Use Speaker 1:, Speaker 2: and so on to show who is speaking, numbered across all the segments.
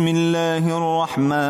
Speaker 1: بسم الله الرحمن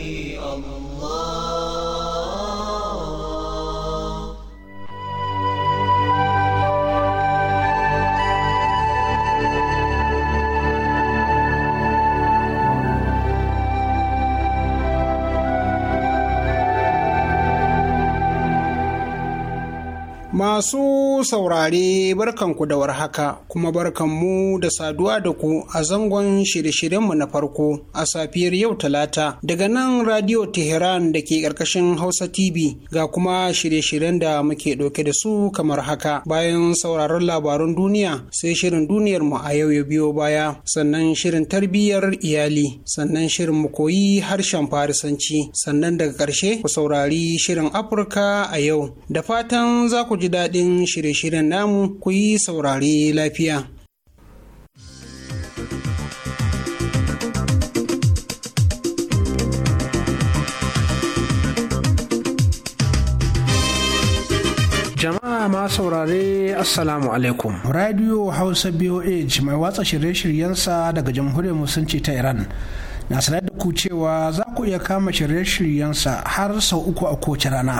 Speaker 2: Masu saurare barkanku da warhaka kuma barkanmu da saduwa da ku a zangon shirye-shiryenmu na farko a safiyar yau talata daga nan Radio Tehran da ke ƙarƙashin Hausa TV ga kuma shirye-shiryen da muke ɗauke da su kamar haka bayan sauraron labarun duniya sai shirin duniyar mu a yau ya biyo baya sannan shirin tarbiyyar iyali sannan shirin mu koyi harshen farisanci sannan daga ƙarshe ku saurari shirin Afirka a yau da fatan za ku ji daɗin shirye-shiryen namu ku yi saurari lafiya.
Speaker 3: Jama'a ma saurare Assalamu alaikum. Radio Hausa B.O.A mai watsa shirye-shiryensa daga Jamhuriyar Musulunci ta Iran. Na sanar da ku cewa za ku iya kama shirye-shiryensa har sau uku a kowace rana.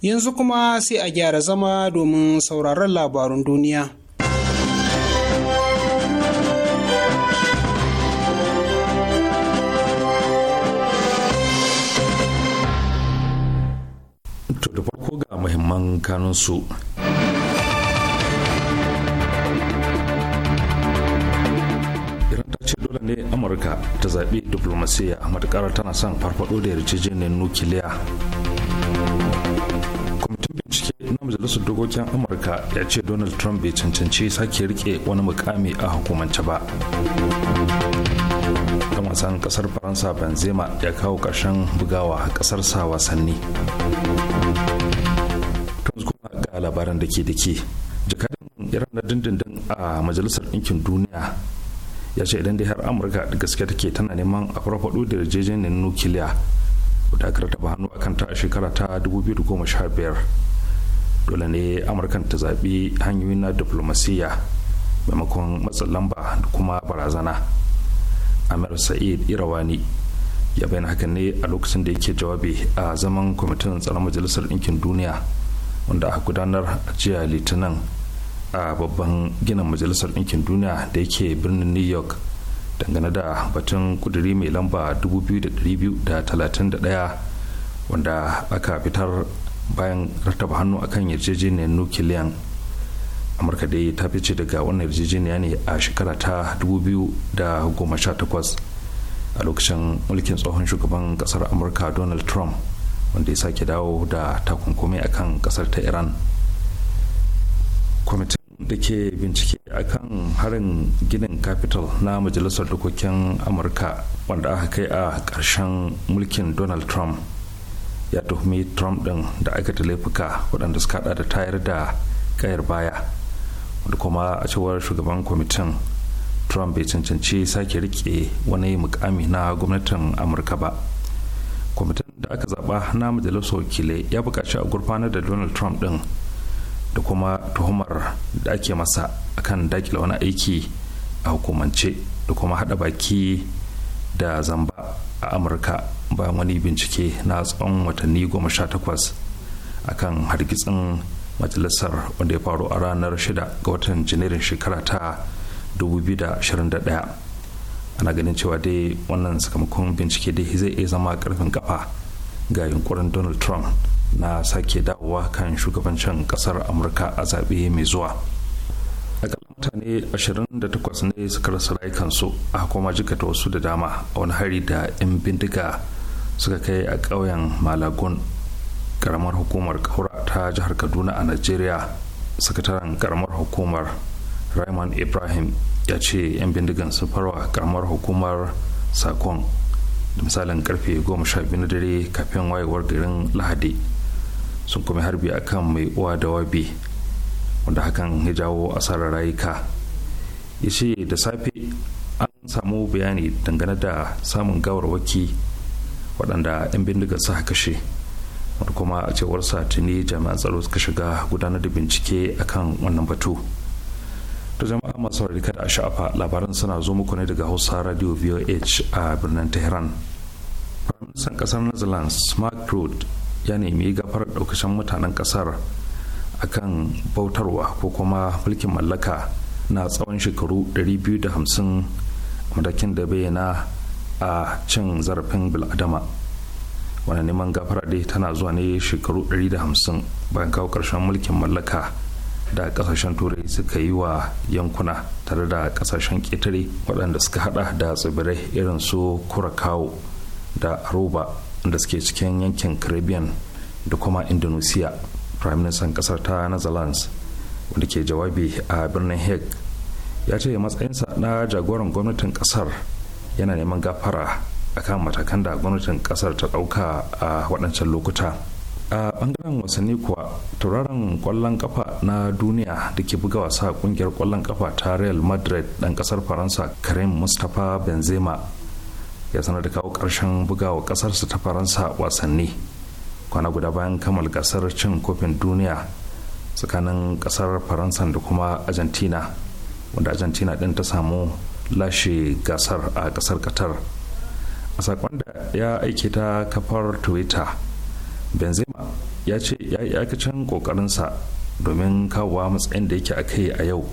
Speaker 2: Yanzu kuma sai a gyara zama domin sauraron labarun duniya.
Speaker 4: farko ga muhimman kanunsu. dole ne amurka ta zaɓi diplomasiya matuƙar tana son farfaɗo da yarjejeniyar nukiliya wasu dokokin amurka ya ce donald trump bai cancanci sake rike wani mukami a hukumance ba dan wasan kasar faransa benzema ya kawo karshen bugawa ƙasarsa wasanni kuma ga labaran da ke da ke jakadan iran na dindindin a majalisar ɗinkin duniya ya ce idan dai har amurka da gaske take tana neman a farfaɗo da yarjejeniyar nukiliya wadda ta ba hannu a kanta a shekara ta 2015 dole ne amurkan ta zaɓi hanyoyin na diplomasiyya maimakon matsin lamba da kuma barazana amir sa'id irawani ya bayyana hakan ne a lokacin da yake jawabi a zaman kwamitin tsaron majalisar ɗinkin duniya wanda a gudanar a jiya litinin a babban ginin majalisar ɗinkin duniya da yake birnin new york dangane da batun kuduri mai lamba 2231 wanda aka fitar bayan rataba hannu akan yarjejeniyar nukiliyan amurka dai ta fice daga wannan yarjejeniya ne a shekara ta 2018 a lokacin mulkin tsohon shugaban kasar amurka donald trump wanda ya sake dawo da takunkumi akan kasar ta iran kwamitin da ke bincike a kan harin ginin capital na majalisar dokokin amurka wanda aka kai a ƙarshen mulkin donald trump ya tuhumi trump din da aikata laifuka waɗanda suka hada da tayar da kayar baya wanda kuma a cewar shugaban kwamitin trump bai cancanci sake rike wani mukami na gwamnatin amurka ba kwamitin da aka zaba na majalisar wakilai ya bukaci a gurfanar da donald trump din da kuma tuhumar da ake masa akan dakila wani aiki a hukumance da kuma hada baki da zamba a amurka bayan wani bincike na tsawon watanni goma sha takwas akan hargitsin majalisar wanda ya faru a ranar shida ga watan janairun shekara ta 2021 ana ganin cewa dai wannan sakamakon bincike dai zai iya zama karfin kafa ga yunkurin donald trump na sake dawowa kan shugabancin kasar amurka a zaɓe mai zuwa mutane 28 ne suka rasa rayukansu a kuma jikata wasu da dama a wani hari da 'yan bindiga suka kai a ƙauyen malagun karamar hukumar kaura ta jihar kaduna a najeriya sakataren karamar hukumar raymond ibrahim ya ce 'yan bindigan sun farwa karamar hukumar sakon da misalin karfe 12 na dare kafin wayewar garin lahadi sun kuma harbi kan mai uwa da wabi wanda hakan ya jawo asarar rayuka ya ce da safe an samu bayani dangane da samun gawarwaki waɗanda 'yan bindigar suka kashe wanda kuma a cewar tuni jami'an tsaro suka shiga gudanar da bincike akan wannan batu ta jama'a masu rarrika a sha'afa labaran suna zo muku ne daga hausa radio voh a birnin tehran firaministan ƙasar netherlands mark road ya nemi gafar ɗaukacin mutanen kasar akan bautarwa ko kuma mulkin mallaka na tsawon shekaru 250 matakin da bayyana a cin zarafin biladama wani neman gafara dai tana zuwa ne shekaru 150 bayan kawo ƙarshen mulkin mallaka da kasashen turai suka yi wa yankuna tare da kasashen ƙetare waɗanda suka hada da tsibirai irin su kurakawo da aruba da suke cikin yankin caribbean da kuma indonesia prime minister kasar ta netherlands wanda ke jawabi a birnin hague ya ce matsayinsa na jagoran gwamnatin kasar yana neman gafara akan matakan da gwamnatin kasar ta dauka a waɗancan lokuta a bangaren wasanni kuwa tauraron kwallon kafa na duniya da ke buga wasa kungiyar kwallon kafa ta real madrid ɗan kasar faransa karim mustapha benzema ya sanar da kawo ƙarshen bugawa ƙasarsa ta faransa wasanni kwana guda bayan kammala gasar cin kofin duniya tsakanin ƙasar faransa da kuma argentina wanda argentina ɗin ta samu lashe gasar a kasar qatar a sakon da ya aike ta kafar twitter benzema ya ce ya yi aikacin kokarinsa domin kawowa matsayin da yake a kai a yau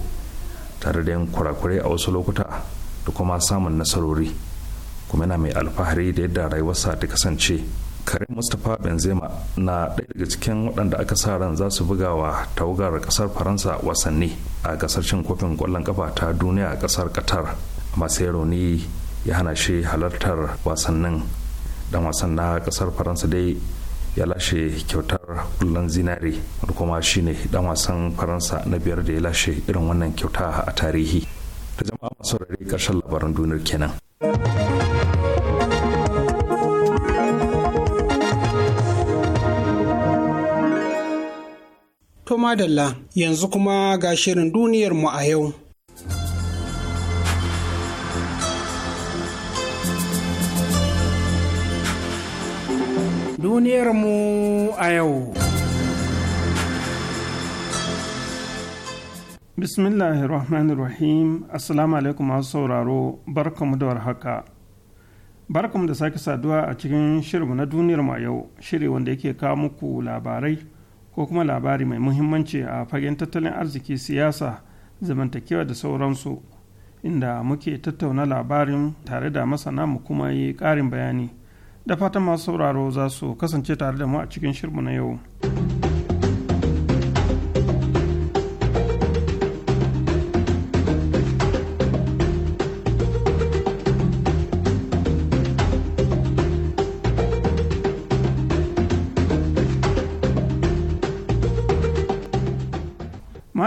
Speaker 4: tare da yin kurakurai a wasu lokuta da kuma samun nasarori kuma yana mai alfahari da yadda rayuwarsa ta kasance karim mustapha benzema na ɗaya daga cikin waɗanda aka sa ran za su buga wa tawagar ƙasar faransa wasanni a ƙasar cin kofin ƙwallon ƙafa ta duniya a ƙasar qatar masu rauni ya hana shi halartar wasannin dan wasan na ƙasar faransa dai ya lashe kyautar kullon zinare wanda kuma shi ne dan wasan faransa na biyar da ya lashe irin wannan kyauta a tarihi ta jama'a masu rarrai ƙarshen labaran duniyar kenan.
Speaker 5: To
Speaker 2: madalla yanzu kuma ga shirin duniyar mu a yau.
Speaker 3: Duniyar mu a yau.
Speaker 6: Bismillahirrahmanirrahim Assalamu alaikum masu sauraro barkamu da warhaka. Barkamu da sake saduwa a cikin shirinmu na duniyarmu a yau, shiri wanda yake kawo muku labarai. ko kuma labari mai muhimmanci a fagen tattalin arziki siyasa zamantakewa da sauransu inda muke tattauna labarin tare da masana mu kuma yi karin bayani da fatan masu sauraro za su kasance tare da mu a cikin shirmu na yau.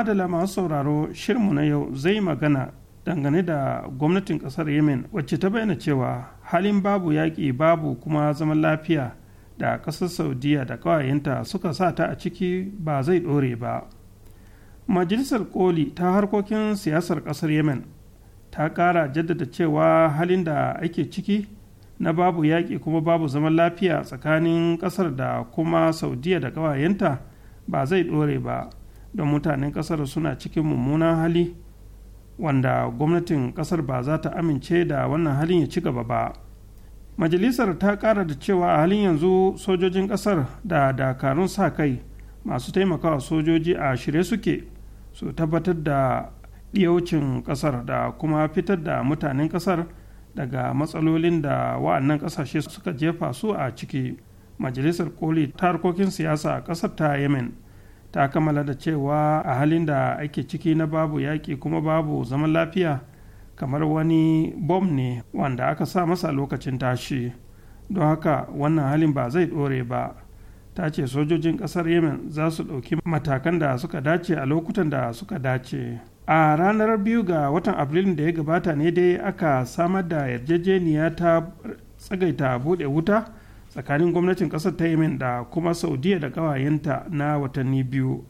Speaker 6: madala masu sauraro shirmu na yau zai magana dangane da gwamnatin kasar yemen wacce ta bayyana cewa halin babu yaƙi babu kuma zaman lafiya da ƙasar saudiya da ƙawayenta suka sa ta a ciki ba zai ɗore ba majalisar koli ta harkokin siyasar ƙasar yemen ta ƙara jaddada cewa halin da ake ciki na babu yaƙi kuma babu zaman lafiya tsakanin ƙasar da kuma saudiya da ƙawayenta ba zai ɗore ba don mutanen ƙasar suna cikin mummunan hali wanda gwamnatin ƙasar ba za ta amince da wannan halin ya ci gaba ba majalisar ta ƙara da cewa a halin yanzu sojojin ƙasar da dakarun sa kai masu taimakawa sojoji a shirye suke su tabbatar da ɗiyaucin ƙasar da kuma fitar da mutanen ƙasar daga matsalolin da wa'annan ƙasashe suka jefa su a ciki majalisar koli ta harkokin siyasa a ƙasar ta yemen ta kammala da cewa a halin da ake ciki na babu yaƙi kuma babu zaman lafiya kamar wani bom ne wanda aka sa masa lokacin tashi don haka wannan halin ba zai ɗore ba ta ce sojojin ƙasar yemen za su ɗauki matakan da suka dace a lokutan da suka dace a ranar biyu ga watan abrilun da ya gabata ne dai aka samar da yarjejeniya ta tsagaita buɗe wuta tsakanin gwamnatin ƙasar ta yemen da kuma saudiya da ƙawayenta na watanni biyu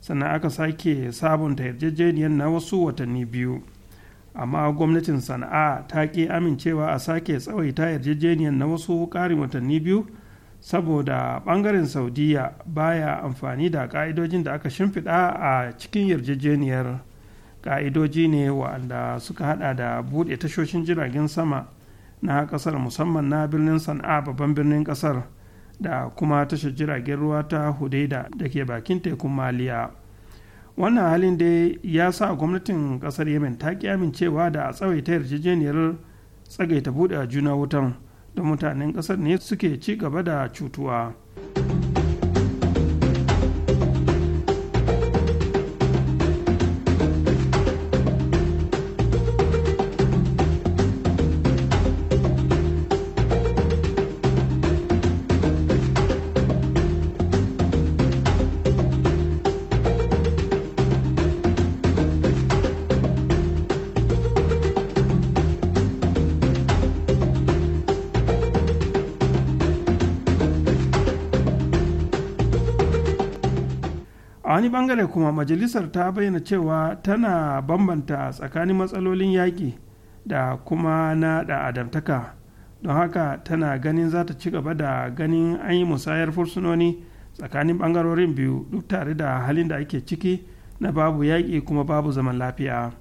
Speaker 6: sannan aka sake sabunta yarjejeniyar na wasu watanni biyu amma gwamnatin sana'a ta ƙi amincewa a sake tsawaita yarjejeniyar na wasu ƙarin watanni biyu saboda ɓangaren saudiya baya amfani da ƙa'idojin da aka shimfiɗa a cikin yarjejeniyar ƙa'idoji ne wa'anda suka hada da buɗe tashoshin jiragen sama na kasar musamman na birnin sana'a babban birnin kasar da kuma tashar jiragen ruwa ta hudaida da ke bakin tekun maliya wannan halin dai ya sa gwamnatin kasar yemen ta ki amincewa da a tsawaita yarjejeniyar tsagaita buɗe juna wutan da mutanen kasar ne suke ci gaba da cutuwa. wani bangare kuma majalisar ta bayyana cewa tana bambanta tsakanin matsalolin yaƙi da kuma na da adamtaka don haka tana ganin za ta ci gaba da ganin an yi musayar fursunoni tsakanin bangarorin biyu duk tare da halin da ake ciki na babu yaƙi kuma babu zaman lafiya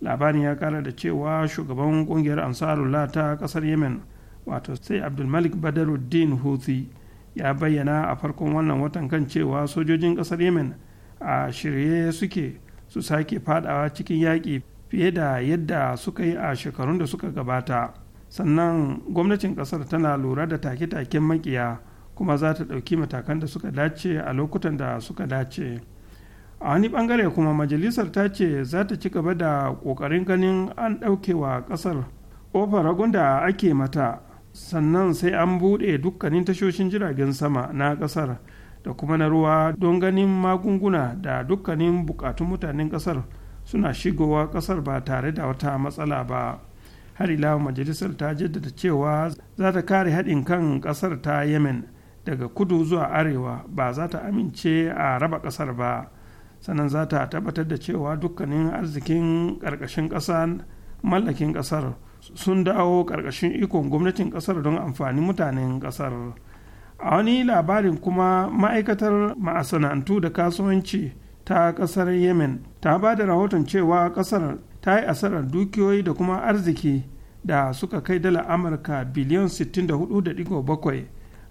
Speaker 6: labarin ya kara da cewa shugaban kungiyar ansarullah ta kasar yemen wato sai abdulmalik badaruddin houthi ya bayyana a farkon wannan watan kan cewa sojojin kasar yemen a shirye suke su sake fadawa cikin yaƙi fiye da yadda suka yi a shekarun da suka gabata sannan gwamnatin ƙasar tana lura da take-taken makiya kuma za ta ɗauki matakan da suka dace a lokutan da suka dace a wani ɓangare kuma majalisar ta ce za ta ci gaba da ƙoƙarin ganin an wa ƙasar ƙofar ragun da ake mata sannan sai an buɗe dukkanin tashoshin jiragen sama na ƙasar da kuma na ruwa don ganin magunguna da dukkanin bukatun mutanen kasar suna shigowa kasar ba tare da wata matsala ba har ila majalisar ta jaddada cewa za ta kare haɗin kan kasar ta yemen daga kudu zuwa arewa ba za ta amince a raba kasar ba sannan za ta tabbatar da cewa dukkanin arzikin ƙarƙashin ƙasa mallakin ƙasar sun dawo ƙarƙashin ikon gwamnatin ƙasar don amfanin mutanen ƙasar. a wani labarin kuma ma'aikatar masana'antu da kasuwanci ta kasar yemen ta ba da rahoton cewa kasar ta yi asarar dukiyoyi da kuma arziki da suka kai dala amurka biliyan 64.7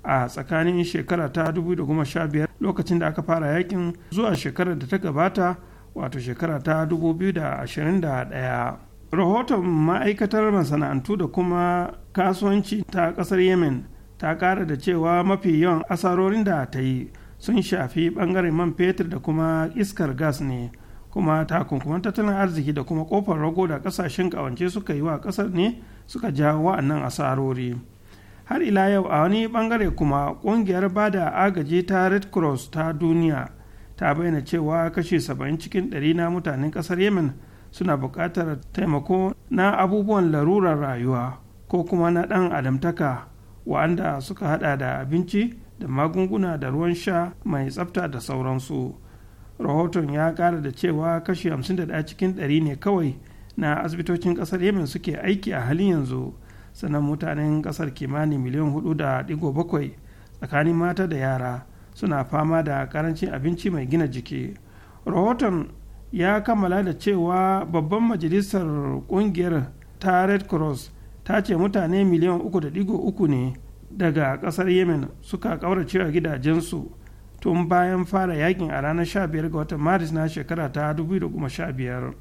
Speaker 6: a tsakanin shekara ta 2015 lokacin da aka fara yakin zuwa shekarar da ta gabata wato shekara ta 2021 rahoton ma'aikatar masana'antu da kuma kasuwanci ta kasar yemen ta ƙara da cewa mafi yawan asarorin da ta yi sun shafi bangaren man fetur da kuma iskar gas ne kuma takunkuman tattalin arziki da kuma kofar rago da ƙasashen kawance suka yi wa ƙasar ne suka jawo wa'annan asarori har ila yau a wani bangare kuma ƙungiyar da agaji ta red cross ta duniya ta bayyana cewa kashi 70 cikin 100 na mutanen ƙasar yemen suna buƙatar taimako na abubuwan larurar rayuwa ko kuma na ɗan adamtaka wa'anda suka hada da abinci da magunguna da ruwan sha mai tsafta da sauransu rahoton ya kara da cewa kashi 51 cikin 100 ne kawai na asibitocin kasar yemen suke aiki a halin yanzu sannan mutanen kasar kimanin miliyan 4.7 tsakanin mata da yara suna fama da karancin abinci mai gina jiki rahoton ya kammala da cewa babban majalisar kungiyar ta red cross ta ce mutane miliyan uku da digo uku ne daga kasar yemen suka ƙauracewa gidajensu tun bayan fara yakin a ranar 15 ga watan maris na shekara ta 2015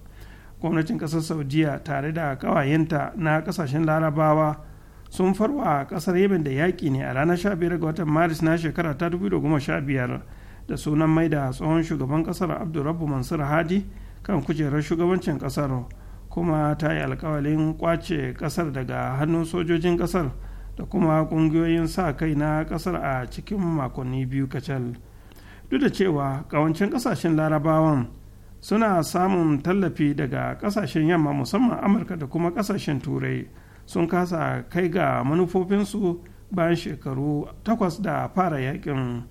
Speaker 6: gwamnatin kasar saudiya tare da ƙawayenta na kasashen larabawa sun farwa kasar yemen da yaƙi ne a ranar 15 ga watan maris na shekara ta 2015 da sunan mai da tsohon shugaban ƙasar abdurrabu mansur hadi kan kujerar shugabancin kasar. kuma ta yi alkawalin kwace kasar daga hannun sojojin kasar da kuma kungiyoyin sa kai na kasar a cikin makonni biyu kacal duk da cewa kawancin kasashen larabawan suna samun tallafi daga kasashen yamma musamman amurka da kuma kasashen turai sun kasa kai ga manufofinsu bayan shekaru takwas da fara yakin.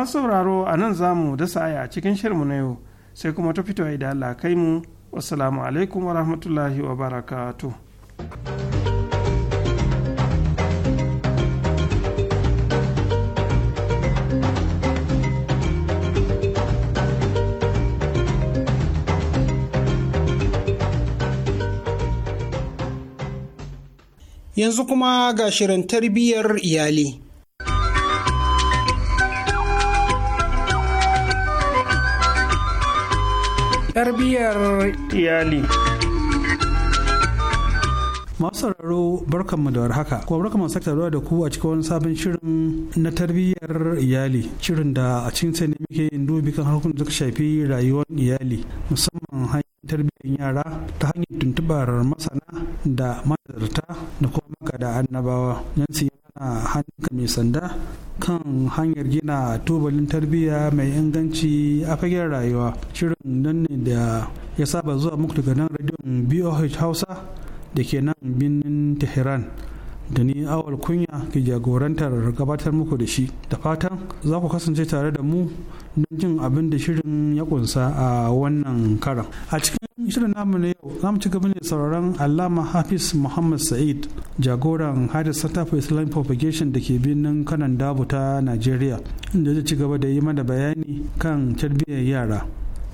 Speaker 6: masu sauraro a nan za mu dasa aya a cikin shirinmu na yau sai kuma ta fito idan Allah kai mu wasalamu alaikum wa rahmatullahi wa barakatu
Speaker 2: Yanzu kuma ga shirin tarbiyyar iyali. tarbiyyar
Speaker 6: iyali
Speaker 7: masu sauraro barkanmu da warhaka kuma barkanmu sake saduwa da ku a cikin wani sabon shirin na tarbiyyar iyali shirin da a cikin sai ne muke yin dubi kan harkokin da suka shafi rayuwar iyali musamman hanyar tarbiyyar yara ta hanyar tuntubar masana da mazarta da kuma maka da annabawa don hannunka mai sanda kan hanyar gina tubalin tarbiyya mai inganci a fagen rayuwa shirin nan ne da ya saba zuwa muku daga nan radiyon boh hausa da ke nan birnin tehran da ni awal kunya ke jagorantar gabatar muku da shi da fatan za ku kasance tare da mu don jin abin da shirin ya kunsa a wannan karan. A cikin shirin namu na yau za mu ci gaba ne sauraron Allama Hafiz Muhammad Sa'id jagoran Hadis Center for Islam Propagation da ke birnin kanan dabu ta Najeriya inda zai ci gaba da yi mana bayani kan tarbiyyar yara.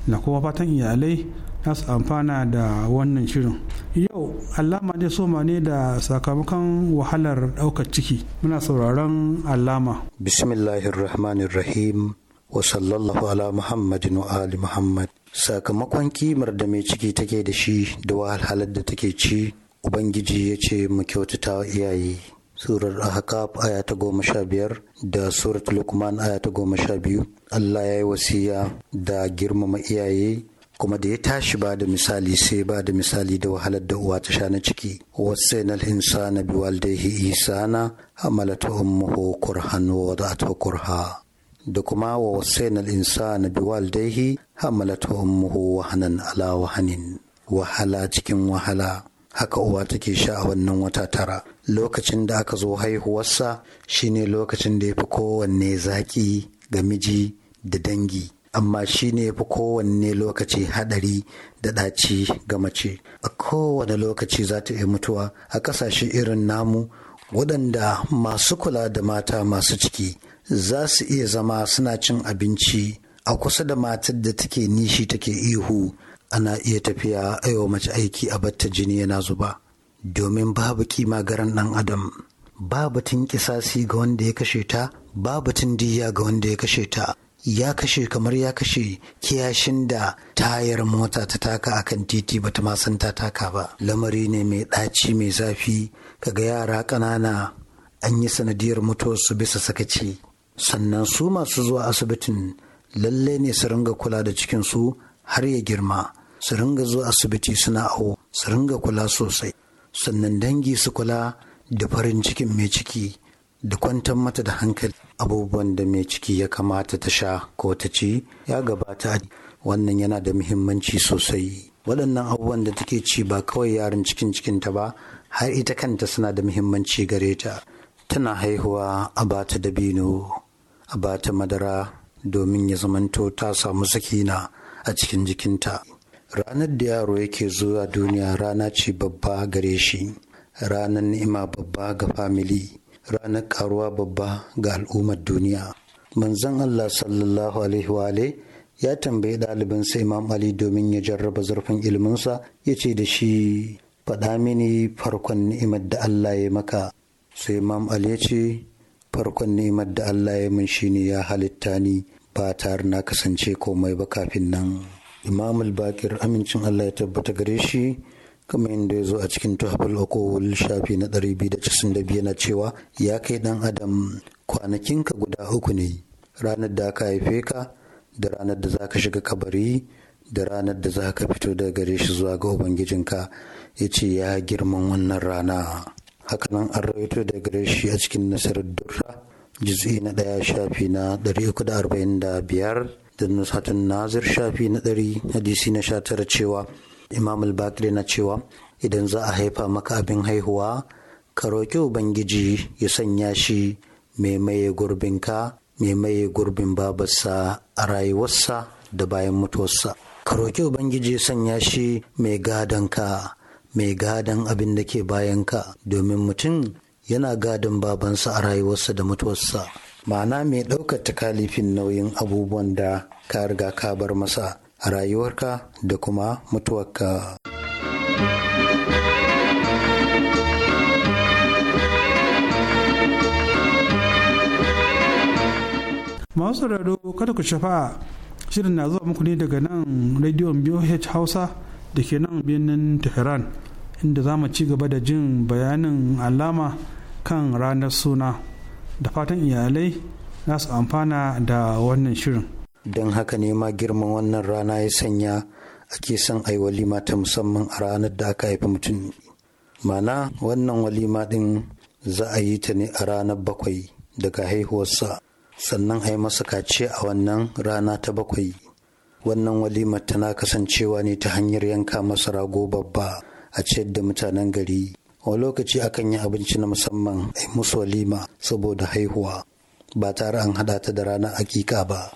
Speaker 7: Na kuma fatan iyalai za su amfana da wannan shirin. Yau Allama dai soma ne da sakamakon wahalar ɗaukar ciki. Muna sauraron Allama.
Speaker 8: Bismillahirrahmanirrahim. wa sallallahu ala muhammadin wa ali muhammad sakamakon kimar da mai ciki take da shi da wahalhalar da take ci ubangiji ya ce mu kyautata iyaye surar ahqaf aya ta goma sha biyar da surat lukman aya ta goma sha biyu allah ya yi wasiya da girmama iyaye kuma da ya tashi ba da misali sai ba da misali da wahalar da uwa ta sha na ciki wasainal insana biwaldaihi isana hamalatu ummuhu kurhan wa wada'atu kurha da kuma wa wasaina al-insana biwalidayhi hamalathu ummuhu wahanan ala wahanin wahala cikin wahala haka uwa take sha a wannan wata tara lokacin da aka zo haihuwarsa shine lokacin da ya fi kowanne zaki ga miji da dangi amma shi ne fi kowanne lokaci hadari da ɗaci ga mace a kowane lokaci za ta iya mutuwa a ƙasashe irin namu waɗanda masu kula da mata masu ciki za su iya zama suna cin abinci a kusa da matar da take nishi take ihu ana iya tafiya aiwa mace aiki a batta jini yana zuba domin babu kima garan ɗan adam babu tun kisasi ga wanda ya kashe ta babu tun diya ga wanda ya kashe ta ya kashe kamar ya kashe kiyashin da tayar mota ta taka a kan titi bata ma san ta taka ba lamari ne mai ɗaci mai zafi kaga yara ƙanana an yi sanadiyar mutuwarsu bisa sakaci sannan su masu zuwa asibitin lalle ne su ringa kula da cikinsu har ya girma su ringa zuwa asibiti suna awo su ringa kula sosai sannan dangi su kula da farin cikin mai ciki da kwantar mata da hankali abubuwan da mai ciki ya kamata ta sha ko ta ci ya gabata wannan yana da muhimmanci sosai waɗannan abubuwan da take ci ba kawai yaran cikin cikinta ba har ita kanta suna da muhimmanci gare ta tana haihuwa a bata dabino a bata madara domin ya zamanto ta samu sakina a cikin jikinta ranar da yaro yake zuwa duniya rana ce babba gare shi ranar ni'ima babba ga famili ranar karuwa babba ga al'ummar duniya manzon allah sallallahu alaihi wa ya tambayi ɗalibinsa imam ali domin ya jarraba zurfin ilminsa ya ce da shi faɗa mini farkon ni'imar da allah ya maka sai imam ali ya ce farkon nemar da Allah ya min shine ya halitta ni ba tare na kasance komai ba kafin nan imam bakir amincin Allah ya tabbata gare shi kamar inda ya zo a cikin tuhafal okowul shafi na biyu na cewa ya kai dan adam kwanakinka guda uku ne ranar da aka haife ka da ranar da za ka shiga kabari da ranar da za ka fito daga gare shi zuwa ga ubangijinka ya ce ya girman wannan rana hakanan an rawaito da gare shi a cikin nasarar durra juz'i na ɗaya shafi na 345 da nusatun nazir shafi na 100 hadisi na 19 cewa imam al-bakir na cewa idan za a haifa maka abin haihuwa ka roƙi ubangiji ya sanya shi mai maye ka, mai maye gurbin babarsa a rayuwarsa da bayan mutuwarsa ka roƙi ubangiji ya sanya shi mai gadonka mai gadon abin da ke ka domin mutum yana gadon babansa a rayuwarsa da mutuwarsa ma'ana mai ɗaukar takalifin nauyin abubuwan da ka riga ka bar masa a rayuwarka da kuma mutuwarka. masu
Speaker 7: sauraro kada ku shafa shirin na zuwa muku ne daga nan rediyon bh Hausa da ke nan birnin Tehran. inda za mu ci gaba da jin bayanin alama kan ranar suna da fatan iyalai za su amfana da
Speaker 8: wannan shirin don haka ne ma girman wannan rana ya sanya ake son a walima ta musamman a ranar da aka haifi mutum mana wannan walima din za a yi ta ne a ranar bakwai daga haihuwarsa sannan a yi masa kace a wannan rana ta bakwai wannan walimar tana kasancewa ne ta hanyar yanka masa rago babba a ciyar da mutanen gari a lokaci akan yi abinci na musamman a musu walima saboda haihuwa ba tare an hada ta da ranar akika ba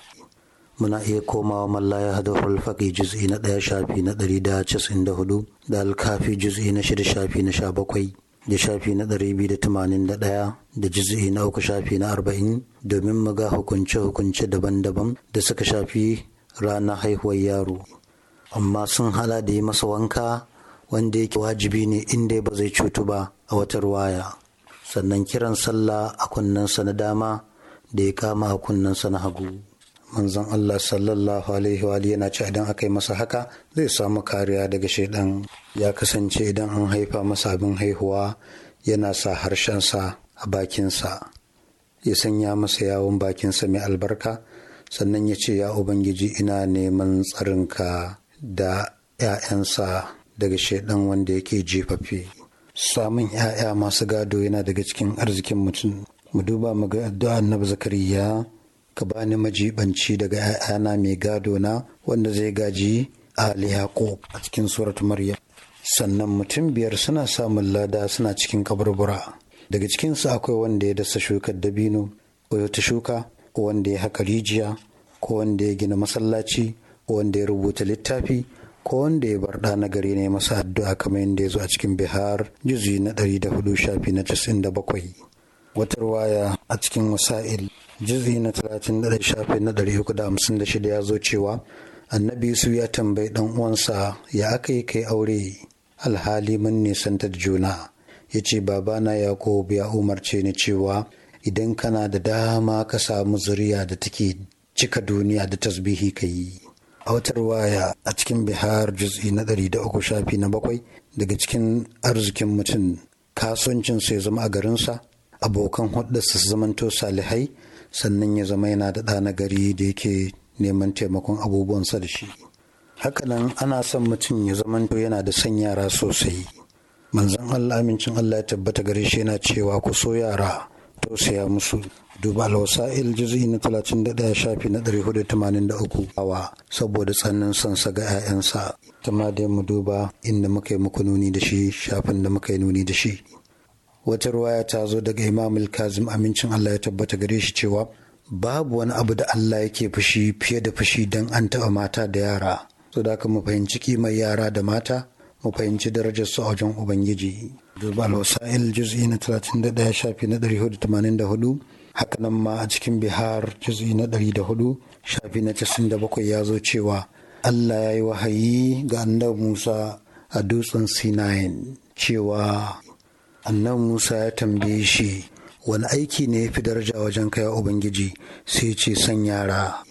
Speaker 8: muna iya komawa mallaya hadafar faƙi juz'i na ɗaya shafi na ɗari da casin da hudu da alkafi juz'i na shida shafi na sha bakwai da shafi na ɗari biyu da tamanin da ɗaya da juz'i na uku shafi na arba'in domin mu ga hukunce-hukunce daban-daban da suka shafi ranar haihuwar yaro amma sun hala da yi masa wanka wanda yake wajibi ne inda ba zai cutu ba a wata ruwaya sannan kiran sallah a kunnensa na dama da ya kama a kunnen sa na hagu manzon Allah sallallahu alaihi wa yana ce idan aka yi masa haka zai samu kariya daga shaidan ya kasance idan an haifa masa abin haihuwa yana sa harshensa a bakinsa ya sanya masa yawon bakinsa mai albarka sannan ya ce ya ubangiji ina neman tsarinka da 'ya'yansa daga shaidan wanda yake jefaffe samun 'ya'ya masu gado yana daga cikin arzikin mutum mu duba mu ga addu'a annabi zakariya ka bani majibanci daga 'ya'yana mai gado na wanda zai gaji ali yaqub a cikin suratu maryam sannan mutum biyar suna samun lada suna cikin kaburbura daga cikinsu akwai wanda ya dasa shukar dabino ko ta shuka ko wanda ya haka rijiya ko wanda ya gina masallaci ko wanda ya rubuta littafi ko wanda ya bar ɗa na gari ne masa addu'a kamar yadda ya zo a cikin bihar juzi na ɗari da hudu shafi na casin da bakwai wata ruwaya a cikin wasa'il juzi na talatin da shafi na ɗari uku da hamsin da shida ya zo cewa annabi su ya tambayi ɗan uwansa ya aka yi kai aure alhali mun nisanta da juna ya ce babana yakub ya umarce ni cewa idan kana da dama ka samu zuriya da take cika duniya da tasbihi ka yi a wata ruwaya a cikin bihar juz'i na ɗari da uku shafi na bakwai daga cikin arzikin mutum kasuwancin su ya zama a garinsa abokan hudarsa su zamanto salihai sannan ya zama yana da ɗa na gari da yake neman taimakon abubuwansa da shi hakanan ana son mutum ya zamanto yana da son yara sosai manzon allah amincin allah ya tabbata gare shi yana cewa ku so yara tausaya musu duba alwasa'il juz'i na 31 shafi na 483 awa saboda tsannin son saga 'ya'yansa ma dai mu duba inda muka yi muku nuni da shi shafin da muka yi nuni da shi wata ruwaya ta zo daga imam kazim amincin allah ya tabbata gare shi cewa babu wani abu da allah yake fushi fiye da fushi don an taɓa mata da yara so da mu fahimci kimar yara da mata mu fahimci darajar su a wajen ubangiji duba alwasa'il juz'i na 31 shafi na 484 hakanan ma a cikin bihar juzi na ɗari da hudu shafi na casin da bakwai ya zo cewa allah ya yi wahayi ga annabi musa a dutsen sinai cewa annabi musa ya tambaye shi wani aiki ne ya fi daraja wajen kai ubangiji sai ce san yara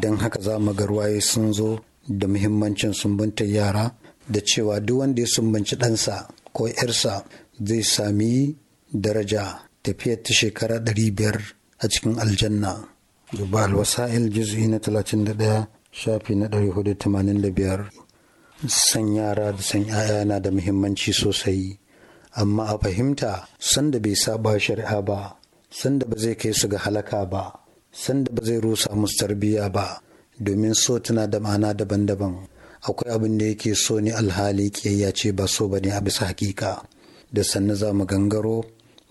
Speaker 8: don haka za mu garwaye sun zo da muhimmancin sumbantar yara da cewa duk wanda ya sumbanci ɗansa ko 'yarsa zai sami daraja tafiyar ta shekara ɗari biyar a cikin aljanna duba alwasa'il juz'i na talatin da ɗaya, shafi na ɗari hudu tamanin da biyar. san yara da san 'ya'ya na da muhimmanci sosai amma a fahimta sanda bai saba shari'a ba sanda ba zai kai su ga halaka ba sanda ba zai rusa musu tarbiyya ba domin so tana da ma'ana daban-daban akwai abin da yake so ne alhali kiyayya ce ba so ba ne a bisa hakika da sannan za mu gangaro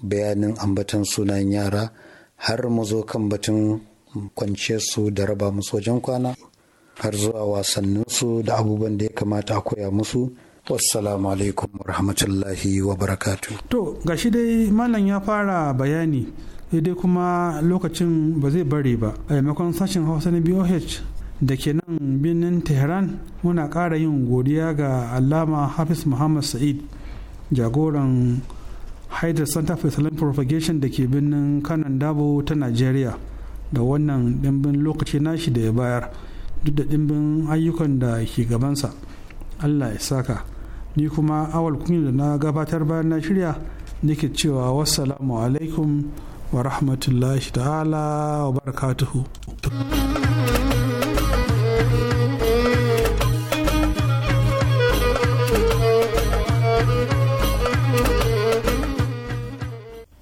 Speaker 8: bayanin ambaton sunan yara har mu zo kan batun kwance su da raba musu wajen kwana har zuwa wasanninsu da abubuwan da ya kamata a koya musu wassalamu alaikum rahmatullahi wa barakatu
Speaker 7: to gashi dai malam ya fara bayani dai kuma lokacin ba zai bare ba a maimakon sashen hausa na boh da ke nan birnin tehran muna ƙara yin godiya ga allama hafiz muhammad sa'id jagoran hydra center for islamic propagation da ke birnin kanan dabo ta nigeria da wannan dimbin lokaci nashi da ya bayar duk da dimbin ayyukan da ke gabansa allah ya saka ni kuma awal kunya da na gabatar bayan na shirya nake cewa wassalamu alaikum wa rahmatullahi ta'ala wa barakatuhu.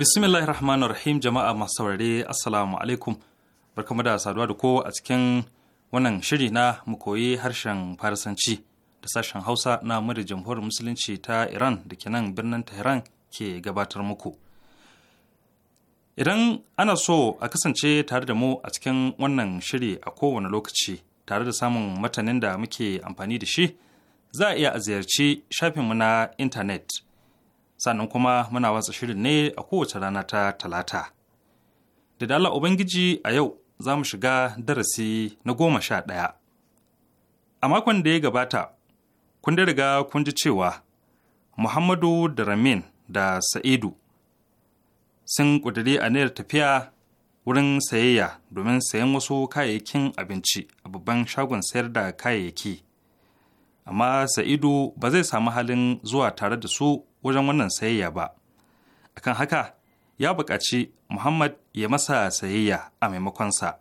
Speaker 4: Bismillahir Rahmanir Rahim jama'a masu saurare Assalamu alaikum. Barkamu da saduwa da kowa a cikin wannan shiri na mu koyi harshen Farisanci da sashen Hausa na muri Jamhuriyar Musulunci ta Iran da ke nan birnin Tehran ke gabatar muku. Idan ana so a kasance tare da mu a cikin wannan shiri a kowane lokaci tare da samun matanin da muke amfani da shi, za a iya a ziyarci shafinmu na intanet. sannan kuma muna watsa shirin ne a kowace rana ta talata. Da dala Ubangiji a yau za mu shiga darasi na goma sha ɗaya. A makon da ya gabata, kun da riga kun ji cewa Muhammadu da Ramin da Sa'idu sun ƙudiri aniyar tafiya wurin sayayya domin sayan wasu kayayyakin abinci a babban shagon sayar da kayayyaki. amma sa'idu ba zai samu halin zuwa tare da su wajen wannan sayayya ba akan haka ya buƙaci muhammad ya masa sayayya a maimakonsa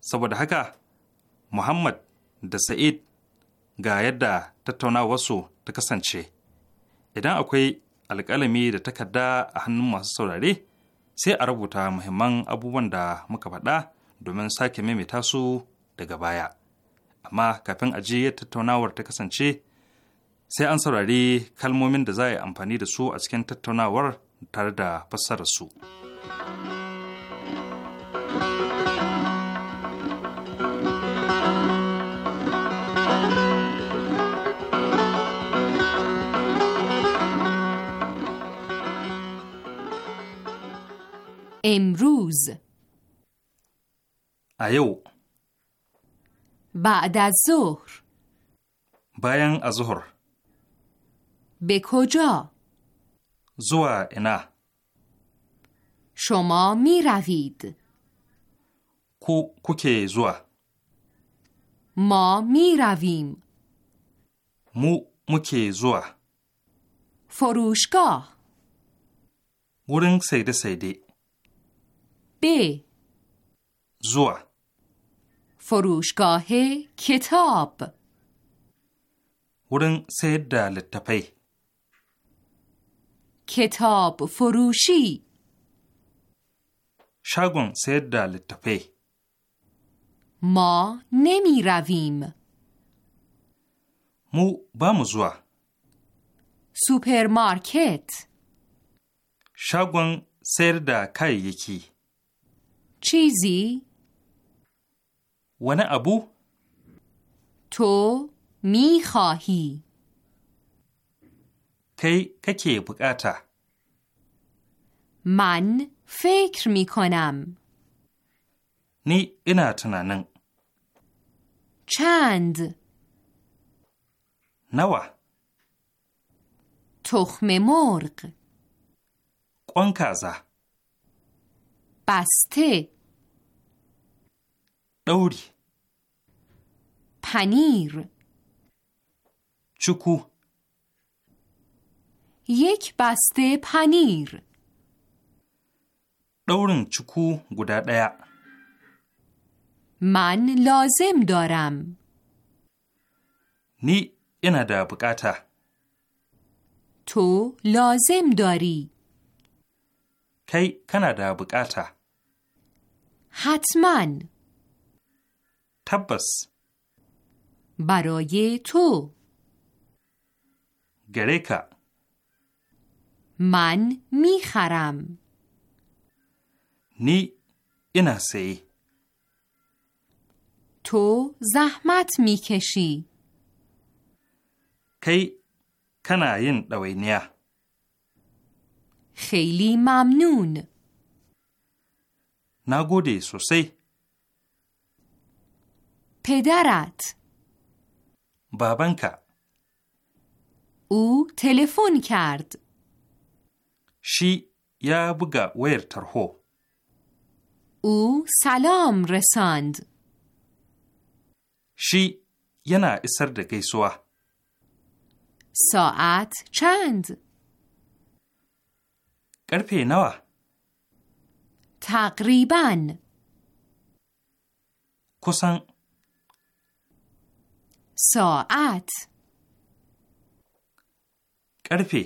Speaker 4: saboda haka muhammad da sa'id ga yadda tattaunawarsu ta kasance idan akwai alƙalami da takarda a hannun masu saurare sai a rubuta muhimman abubuwan da muka faɗa domin sake maimaita su daga baya. amma kafin a je tattaunawar ta kasance sai an saurari kalmomin da za a yi amfani da su a cikin tattaunawar tare da fassarar su. a yau.
Speaker 9: بعد از ظهر
Speaker 4: باین از ظهر
Speaker 9: به کجا
Speaker 4: زوا انا
Speaker 9: شما می روید
Speaker 4: کو کوکه زوا
Speaker 9: ما می رویم
Speaker 4: مو مکه زوا
Speaker 9: فروشگاه
Speaker 4: ورنگ سیده سیده ب زوا
Speaker 9: فروشگاه کتاب
Speaker 4: ورن سید دا
Speaker 9: کتاب فروشی
Speaker 4: شاگون سید
Speaker 9: ما نمی رویم
Speaker 4: مو با مزوا
Speaker 9: سوپرمارکت
Speaker 4: شاگون سرده دا یکی
Speaker 9: چیزی
Speaker 4: wani abu?
Speaker 9: To, mi khahi.
Speaker 4: Kai kake buƙata?
Speaker 9: Man fikr mi
Speaker 4: Ni ina tunanin.
Speaker 9: Chand. Nawa. تخم مرغ kaza. بسته دوری پنیر چکو یک بسته پنیر
Speaker 4: دورن چکو گودا
Speaker 9: من لازم دارم
Speaker 4: نی اینا دا بکاتا
Speaker 9: تو لازم داری
Speaker 4: کی کنا دا بکاتا
Speaker 9: حتماً
Speaker 4: تبس
Speaker 9: برای تو گریکا من میخرم
Speaker 4: نی اینا
Speaker 9: تو زحمت میکشی
Speaker 4: کی کناین دوینیا
Speaker 9: خیلی ممنون
Speaker 4: نگودی سوسی
Speaker 9: پدرت
Speaker 4: بابنکا
Speaker 9: او تلفن کرد
Speaker 4: شی یا بگا ویر ترهو
Speaker 9: او سلام رساند
Speaker 4: شی ینا اسر ده گیسوا
Speaker 9: ساعت چند
Speaker 4: قرفه نوا
Speaker 9: تقریبا کسان ساعت کرپی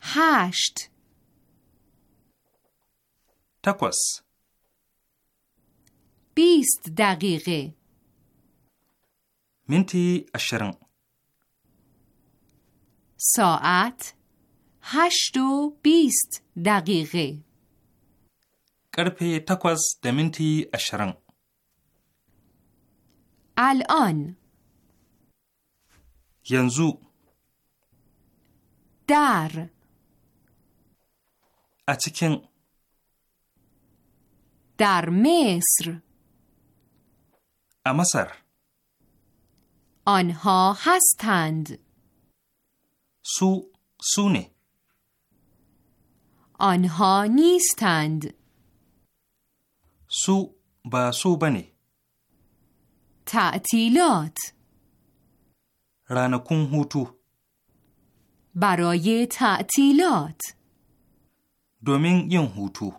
Speaker 9: هشت تکوس بیست دقیقه
Speaker 4: منتی اشرن
Speaker 9: ساعت هشت و بیست دقیقه
Speaker 4: کرپی تکوس دمنتی اشرن
Speaker 9: الان ینزو در اتکن در مصر امسر آنها هستند سو سونه آنها نیستند سو
Speaker 4: با سو بنی
Speaker 9: تعطیلات
Speaker 4: رانکون هوتو
Speaker 9: برای تعطیلات
Speaker 4: دومین ین هوتو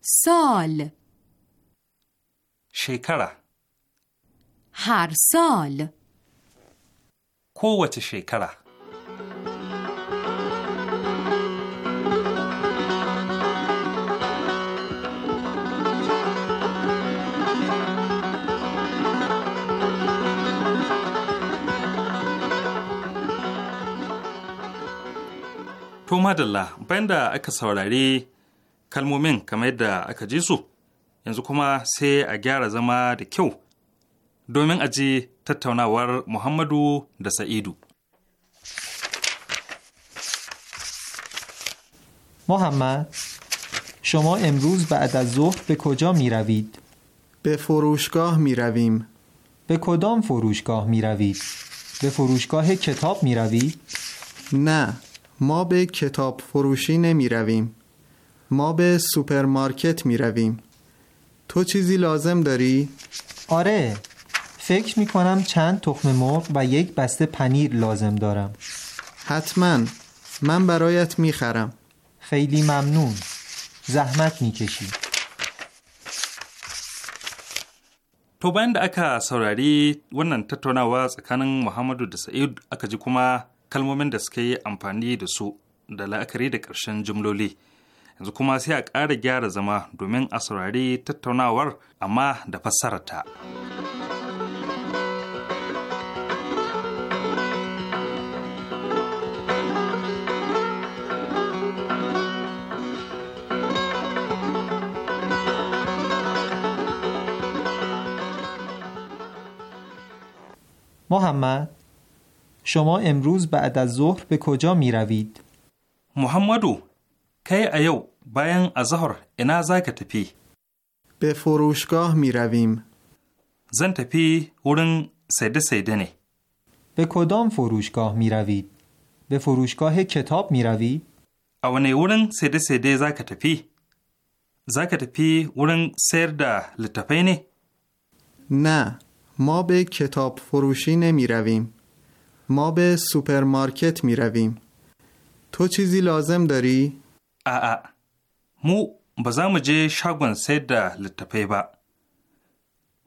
Speaker 9: سال
Speaker 4: شکره
Speaker 9: هر سال
Speaker 4: کووچه شکره To madalla bayan da aka saurari kalmomin kamar yadda aka ji su, yanzu kuma sai a gyara zama da kyau domin a ji tattaunawar Muhammadu da Sa'idu.
Speaker 10: Muhammad, شما امروز بعد از ظهر به کجا می روید؟ به فروشگاه می رویم به کدام فروشگاه می روید؟ به فروشگاه کتاب می روید؟
Speaker 11: نه ما به کتاب فروشی نمی رویم. ما به سوپرمارکت می رویم. تو چیزی لازم داری؟ آره
Speaker 10: فکر می کنم چند تخم مرغ و یک بسته پنیر لازم دارم
Speaker 11: حتما من برایت می خرم خیلی ممنون زحمت می کشی To bayan
Speaker 4: da aka saurari wannan tattaunawa tsakanin Muhammadu da Sa'id kalmomin da suka yi amfani da su da la'akari da ƙarshen jimloli yanzu kuma sai a ƙara gyara zama domin a saurari tattaunawar amma da fassararta.
Speaker 10: محمد شما امروز بعد از ظهر به کجا می روید؟ محمدو کی ایو باین
Speaker 4: از ظهر انا زاک تپی
Speaker 10: به فروشگاه می رویم زن تپی ورن سیده به کدام فروشگاه می روید؟ به فروشگاه کتاب می روید؟
Speaker 4: اونه ورن سیده سیده زاک تپی زاک تپی ورن سیر دا لطفه
Speaker 11: نه ما به کتاب فروشی نمی رویم ما به سوپرمارکت می رویم. تو چیزی لازم داری؟ آ
Speaker 4: مو بزام جه شاگون دا لطفه با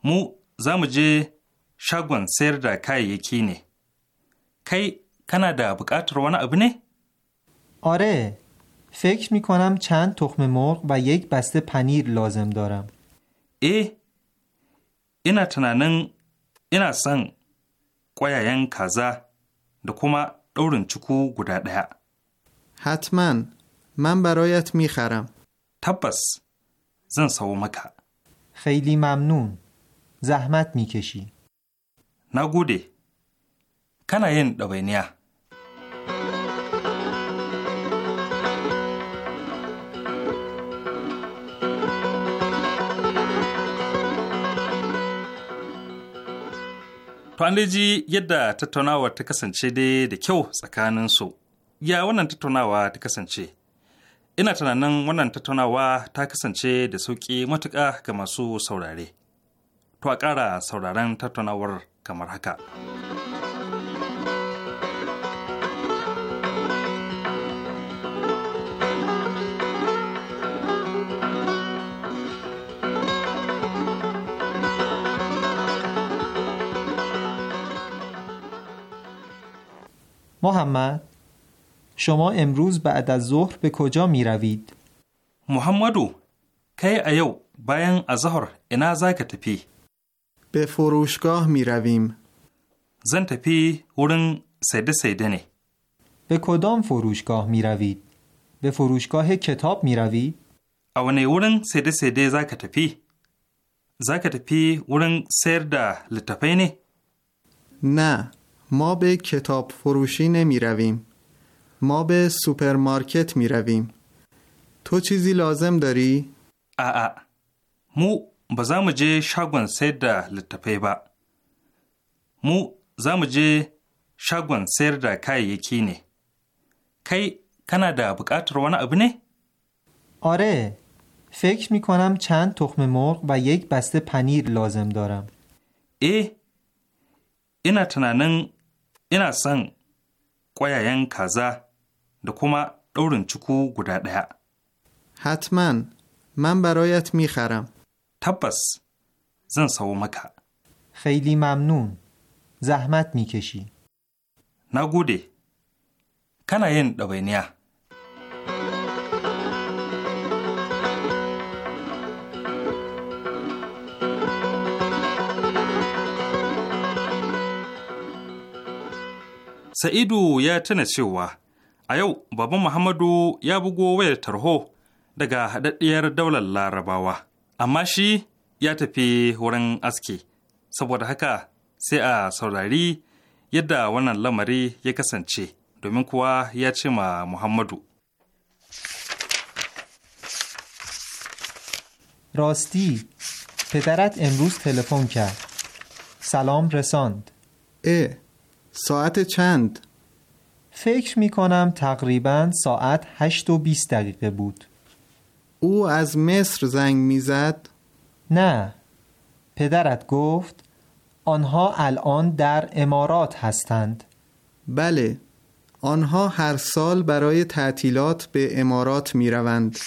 Speaker 4: مو زام جه شاگون سیر دا کای یکی نه کی کنا دا بکات روانه ابنه؟ نه؟
Speaker 10: آره فکر می کنم چند تخم مرغ و یک بسته پنیر لازم دارم
Speaker 4: ای اینا تنانن اینا سن کزا da kuma ɗaurin
Speaker 10: ciku guda ɗaya.
Speaker 11: Hatman, man barayat haram?
Speaker 10: Tabbas, zan sawo maka. zahmat mi زحمت
Speaker 4: Na gode. kana yin ɗawainiya. To an ji yadda tattaunawa ta kasance dai da kyau tsakanin su. Ya wannan tattaunawa ta kasance? Ina tunanin wannan tattaunawa ta kasance da sauƙi matuƙa ga masu saurare. To a ƙara sauraren tattaunawar kamar haka.
Speaker 10: محمد شما امروز بعد از ظهر به کجا می روید؟
Speaker 4: محمدو کی ایو باین از ظهر انا زاک تپی به
Speaker 10: فروشگاه می رویم زن تپی اون سیده سیده به کدام فروشگاه می روید؟ به فروشگاه کتاب می روید؟
Speaker 4: اونه اون سیده سیده زاک تپی زاک تپی اون سیر دا لطفه
Speaker 11: نه ما به کتاب فروشی نمی رویم. ما به سوپرمارکت می رویم. تو چیزی لازم داری؟
Speaker 4: آ مو بزام جه شاگون سرده لطفه با. مو زام جه شاگون سیر کای یکی نه. کی کنا دا بکات روانه ابنه؟
Speaker 10: آره فکر می کنم چند تخم مرغ و یک بسته پنیر لازم دارم.
Speaker 4: ای اینا تنانن ina son ƙwayayen kaza da kuma ɗaurin ciku guda ɗaya.
Speaker 11: Hatman,
Speaker 10: man barayat kharam. Tabbas, zan sawo maka. zahmat mi زحمت Na gode.
Speaker 4: kana yin ɗab'ainiya? Sa'idu ya tuna cewa a yau baba Muhammadu ya bugo wayar tarho daga haɗaɗɗiyar daular larabawa, amma shi ya tafi wurin aski, saboda haka sai a saurari yadda wannan lamari ya kasance, domin kuwa ya ce ma Muhammadu.
Speaker 10: راستی پدرت امروز تلفن کرد سلام رساند اه ساعت چند؟ فکر می کنم تقریبا ساعت هشت و 20 دقیقه بود او از مصر زنگ می زد؟ نه پدرت گفت آنها الان در امارات هستند
Speaker 11: بله آنها هر سال برای تعطیلات به امارات می روند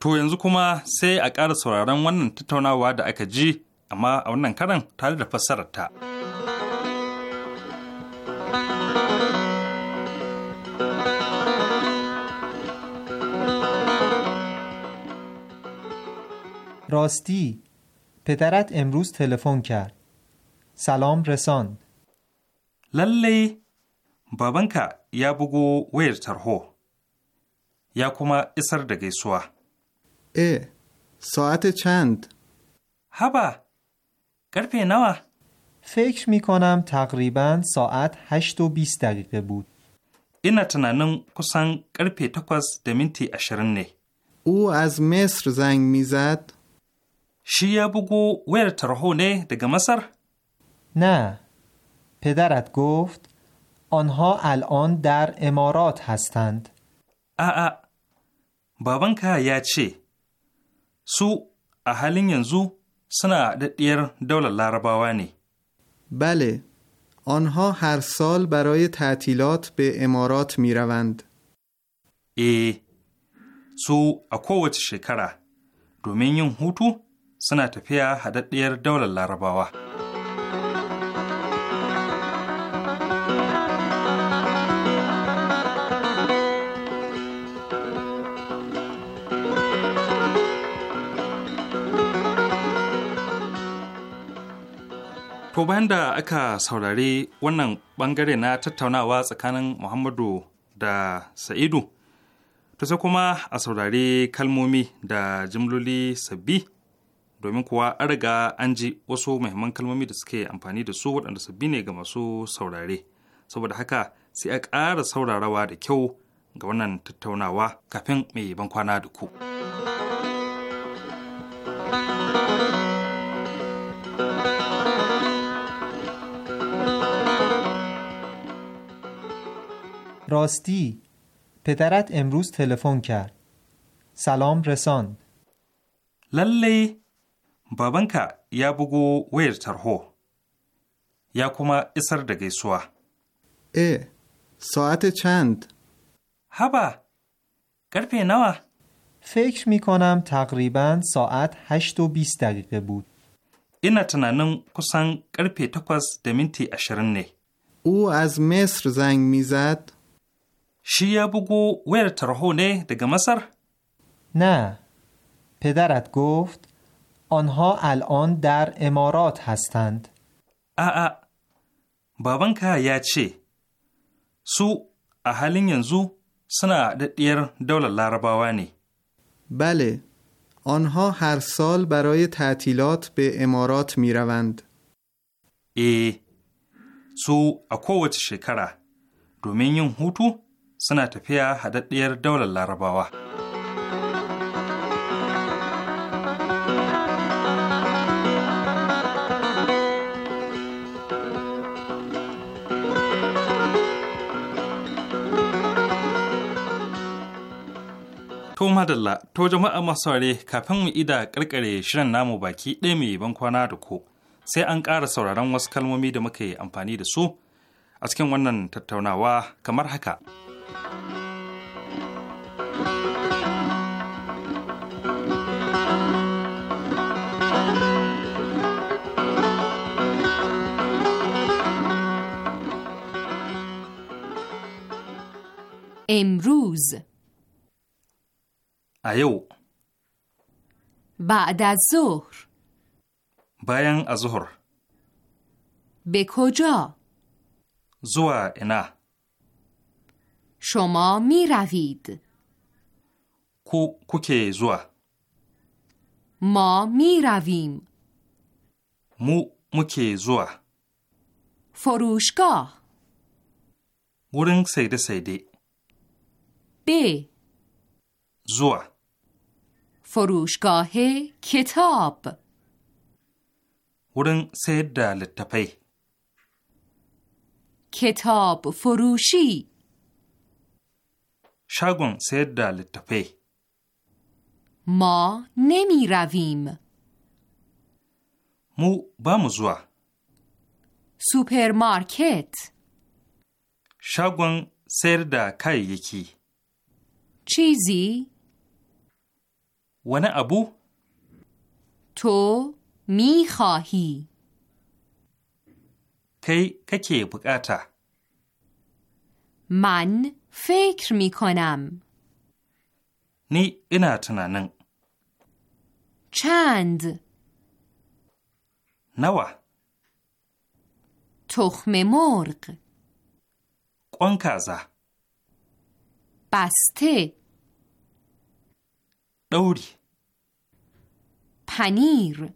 Speaker 4: تو yanzu کما سی اکار ƙara ونن تتونا واد amma a wannan karan tare da fassarar ta.
Speaker 10: راستی پدرت امروز تلفن کرد سلام رساند
Speaker 4: للی بابنکا یا بگو ویر ترهو یا کما اسر دگی سوا
Speaker 11: اه ساعت چند هبا کرپی نوا فکر می کنم
Speaker 10: تقریبا ساعت 8 و 20 دقیقه بود. این تنانم کسان
Speaker 4: کرپی تکوز دمینتی اشرن نه.
Speaker 11: او از مصر زنگ میزد. شی
Speaker 4: یا بگو ویر ترهو نه دگه مصر؟
Speaker 11: نه.
Speaker 10: پدرت گفت آنها الان در امارات هستند.
Speaker 4: ا بابان که یا چی؟ سو اهلین ینزو سنا دیر دولت لارباوانی
Speaker 11: بله آنها هر سال برای تعطیلات به امارات می روند
Speaker 4: ای سو اکووت شکره دومین هوتو سنا تپیا هددیر دولت لارباوه To bayan da aka saurari wannan bangare na tattaunawa tsakanin Muhammadu da Sa'idu, to sai kuma a saurari kalmomi da jimloli sabbi domin kuwa an riga an ji wasu muhimman kalmomi da suke amfani da su waɗanda sabbi ne ga masu saurare. Saboda haka sai a ƙara saurarawa da kyau ga wannan tattaunawa kafin mai ban kwana da ku.
Speaker 10: راستی پدرت امروز تلفن کرد سلام رساند
Speaker 4: للی بابنکا یا بگو ویر ترهو یا کما اصر دگی سوا
Speaker 11: اه ساعت چند
Speaker 10: هبا گرپی نوا فکر می کنم تقریبا ساعت
Speaker 11: هشت و بیست دقیقه بود
Speaker 4: اینا تنانم کسان گرپی
Speaker 10: تکوز دمینتی
Speaker 11: اشرن نه او از مصر زنگ میزد شی یا بگو
Speaker 4: ویر ترهونه دگه مصر؟
Speaker 11: نه پدرت گفت
Speaker 10: آنها الان در امارات هستند
Speaker 4: آ بابان که یا چه سو اهلین ینزو سنا دیر دولت لارباوانی
Speaker 11: بله آنها هر سال برای تعطیلات به امارات می روند.
Speaker 4: ای سو اکووت شکره دومین هوتو suna tafiya haɗaɗɗiyar daular larabawa. To madalla, to jama'a masu kafin mu ida karkare shirin namu baki ɗaya mai ban kwana da ku, sai an ƙara sauraron wasu kalmomi da muka yi amfani da su a cikin wannan tattaunawa kamar haka.
Speaker 9: امروز ایو بعد از ظهر
Speaker 4: باین از ظهر
Speaker 9: به کجا
Speaker 4: زوا انا
Speaker 9: شما می روید
Speaker 4: کو کوکه زوا
Speaker 9: ما می رویم
Speaker 4: مو مکه زوا
Speaker 9: فروشگاه
Speaker 4: ورنگ سیده سیده ب زوا
Speaker 9: فروشگاه کتاب
Speaker 4: مورنگ سیده لطفه
Speaker 9: کتاب فروشی
Speaker 4: shagon sayar da littafai.
Speaker 9: Ma nemi ravim.
Speaker 4: Mu ba mu zuwa.
Speaker 9: Supermarket.
Speaker 4: Shagon sayar da kayayyaki.
Speaker 9: Cheesy.
Speaker 4: Wani abu?
Speaker 9: To mi khahi.
Speaker 4: Kai kake bukata.
Speaker 9: Man فکر می کنم
Speaker 4: نی اینا تنانن
Speaker 9: چند نوا تخم مرغ
Speaker 4: قنکازا
Speaker 9: بسته دوری پنیر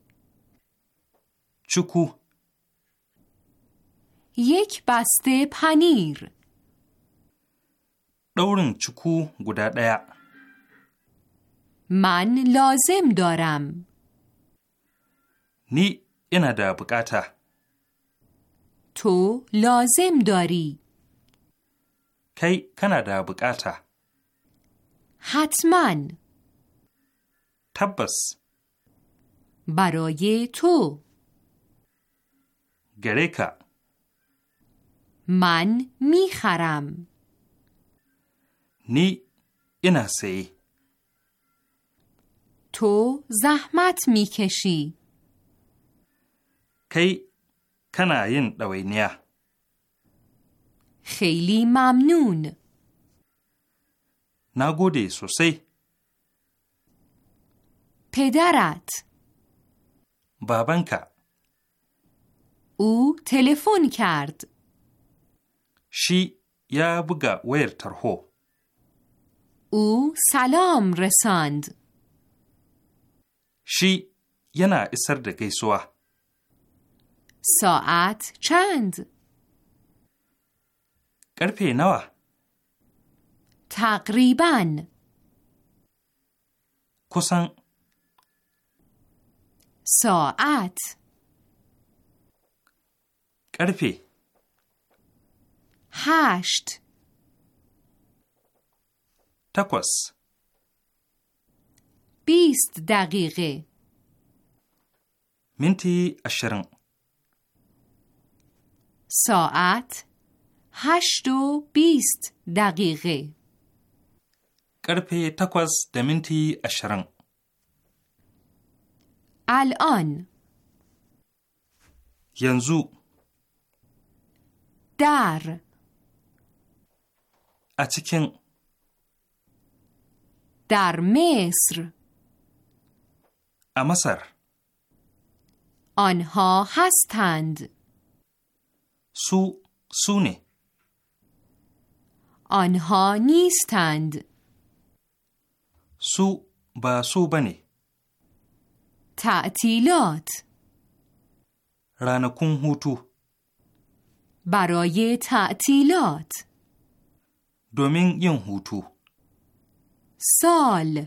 Speaker 9: چکو یک بسته پنیر
Speaker 4: دورن چکو گودا دیا
Speaker 9: من لازم دارم
Speaker 4: نی اینا دا بکاتا
Speaker 9: تو لازم داری
Speaker 4: کی کنا دا بکاتا
Speaker 9: حتما
Speaker 4: تبس
Speaker 9: برای تو گره گریکا من میخرم
Speaker 4: نی اینا سی
Speaker 9: تو زحمت میکشی
Speaker 4: کی کنا دوینیا
Speaker 9: خیلی ممنون
Speaker 4: نگودی سوسی
Speaker 9: پدرت
Speaker 4: بابنکا
Speaker 9: او تلفن کرد
Speaker 4: شی یا بگا ویر ترهو
Speaker 9: او سلام رساند
Speaker 4: شی ینا اسر ده گیسوا
Speaker 9: ساعت چند
Speaker 4: کرپی نوا
Speaker 9: تقریبا کسان ساعت کرپی هشت تکوس بیست دقیقه
Speaker 4: منتی اشرن
Speaker 9: ساعت هشت و بیست دقیقه
Speaker 4: کرپه تکوس دمنتی اشرن
Speaker 9: الان ينزو دار أتكين در مصر ا آنها هستند سو سونه آنها نیستند
Speaker 4: سو با سو بنه.
Speaker 9: تعطیلات
Speaker 4: رانکون هوتو
Speaker 9: برای تعطیلات
Speaker 4: دومین یون هوتو
Speaker 9: سال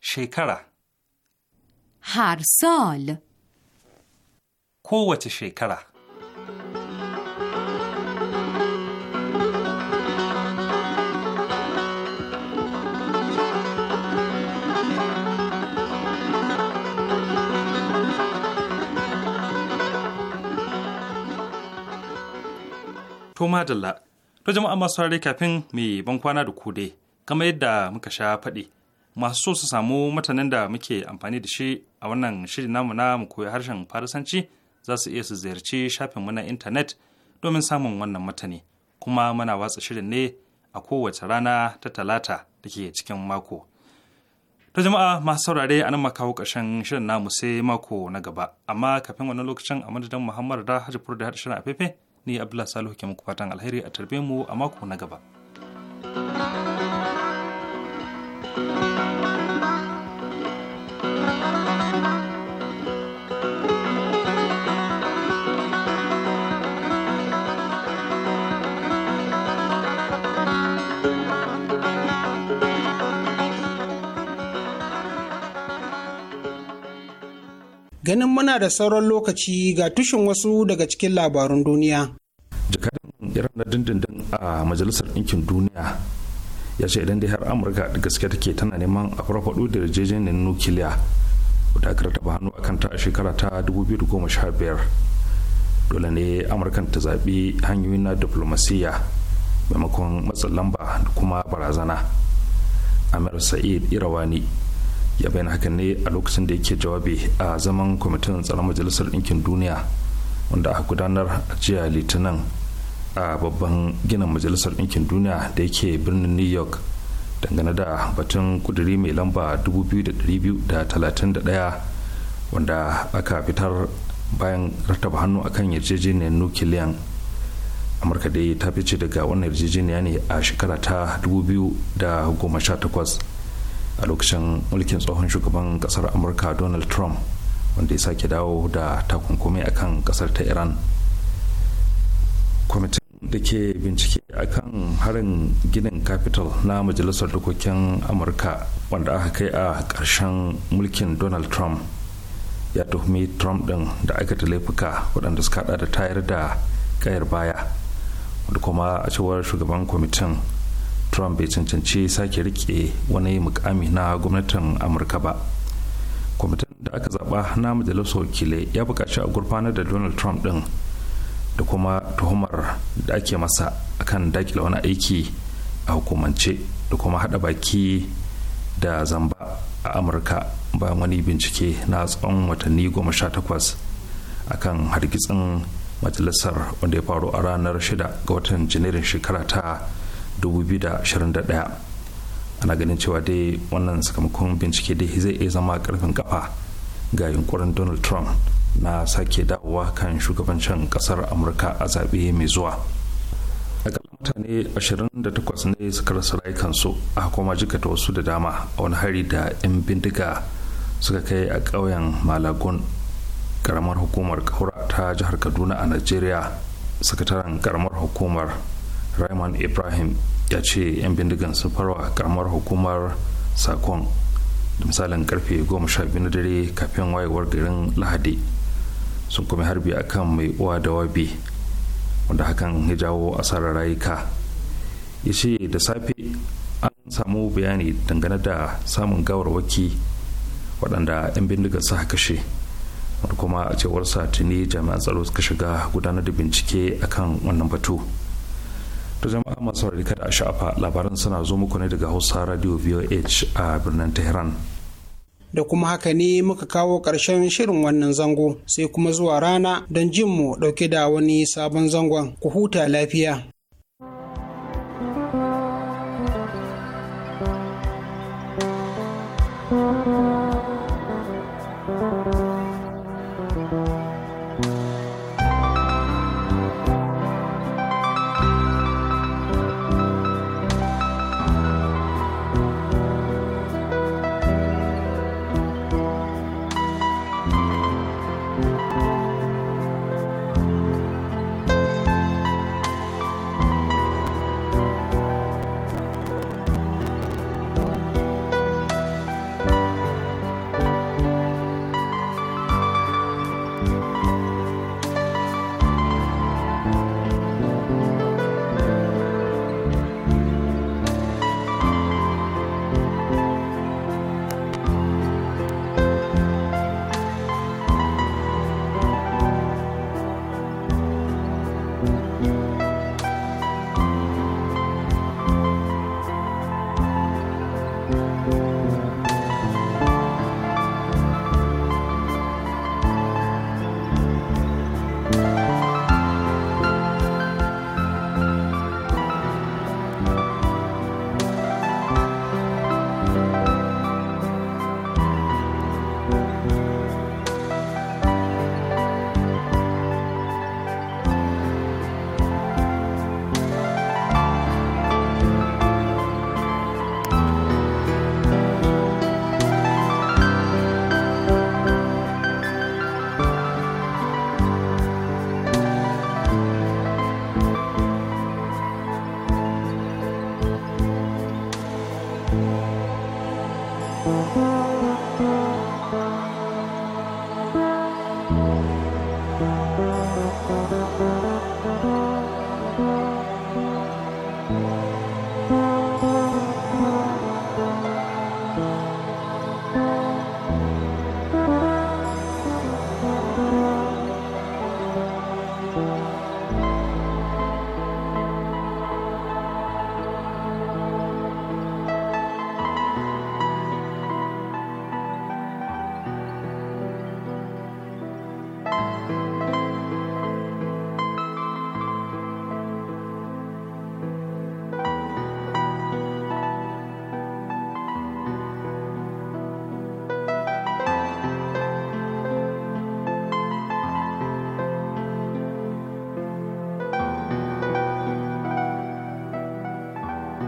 Speaker 9: شکره هر سال
Speaker 4: kowace shekara. To madalla, to jama'a masu kafin mai ban kwana da ku dai. kamar yadda muka sha faɗi masu so su samu matanin da muke amfani da shi a wannan shirin namu na mu koyi harshen farisanci za su iya su ziyarci shafinmu na intanet domin samun wannan matani kuma muna watsa shirin ne a kowace rana ta talata da ke cikin mako ta jama'a masu saurare a nan makawo ƙarshen shirin namu sai mako na gaba amma kafin wannan lokacin a madadin muhammad da hajjifur da haɗa shirin a fefe ni abdullahi salihu ke muku fatan alheri a tarbe mu a mako na gaba thank you
Speaker 2: ganin muna da sauran lokaci ga tushen wasu daga cikin labarun duniya.
Speaker 4: jakadan iran na dindindin a majalisar ɗinkin duniya ya ce idan dai har amurka da gaske take tana neman a farfaɗo da yarjejeniyar nukiliya da aka rataba hannu a kanta a shekara ta 2015 dole ne amurkan ta zaɓi hanyoyin na diflomasiyya maimakon matsin lamba da kuma barazana amir sa'id irawani ya bayyana hakan ne a lokacin da yake jawabi a zaman kwamitin tsaron majalisar ɗinkin duniya wanda aka gudanar a jiya litinin a babban ginin majalisar ɗinkin duniya da yake birnin new york dangane da batun kuduri mai lamba 2231 wanda aka fitar bayan rataba hannu akan yarjejeniyar nukiliyan amurka dai ta fice daga wannan yarjejeniya ne a shekara ta 2018 a lokacin mulkin tsohon shugaban kasar amurka donald trump wanda ya sake dawo da takunkumi akan kasar ta iran kwamitin da ke bincike akan harin ginin capital na majalisar dokokin amurka wanda aka kai a ƙarshen mulkin donald trump ya tuhumi trump din da da laifuka waɗanda suka da tayar da kayar baya wanda kuma a cewar shugaban kwamitin trump bai cancanci sake rike wani mukami na gwamnatin amurka ba kwamitin da aka zaba na majalisar wakilai ya buƙaci a gurfanar da donald trump din. da kuma tuhumar da ake masa akan dakila wani aiki a hukumance da kuma hada baki da zamba a amurka bayan wani bincike na tsawon watanni goma sha takwas akan hargitsin majalisar wanda ya faru a ranar shida ga watan janairun shekara ta 2021 ana ganin cewa dai wannan sakamakon bincike dai zai iya zama karfin kafa ga yunkurin donald trump na sake dawowa kan shugabancin kasar amurka a zaɓe mai zuwa mutane 28 ne suka rasa rayukansu a kuma jikata wasu da dama a wani hari da 'yan bindiga suka kai a ƙauyen malagun karamar hukumar kaura ta jihar kaduna a nigeria sakataren karamar hukumar raymond ibrahim ya ce 'yan bindigan sun farwa karamar hukumar sakon da misalin karfe 12 na dare kafin wayewar garin lahadi sun kuma harbi a kan mai uwa da wabi wanda hakan ya jawo asarar rayuka ya ce da safe an samu bayani dangane da samun gawarwaki waɗanda 'yan bindiga sa kashe wanda kuma a cewar tuni jami'an tsaro suka shiga gudanar da bincike a kan wannan batu ta jama'a masu rarrika da sha'afa labaran suna zo muku ne daga hausa radio voh a birnin tehran
Speaker 2: da kuma haka ne muka kawo ƙarshen shirin wannan zango sai kuma zuwa rana don jin mu ɗauke da wani sabon zangon ku huta lafiya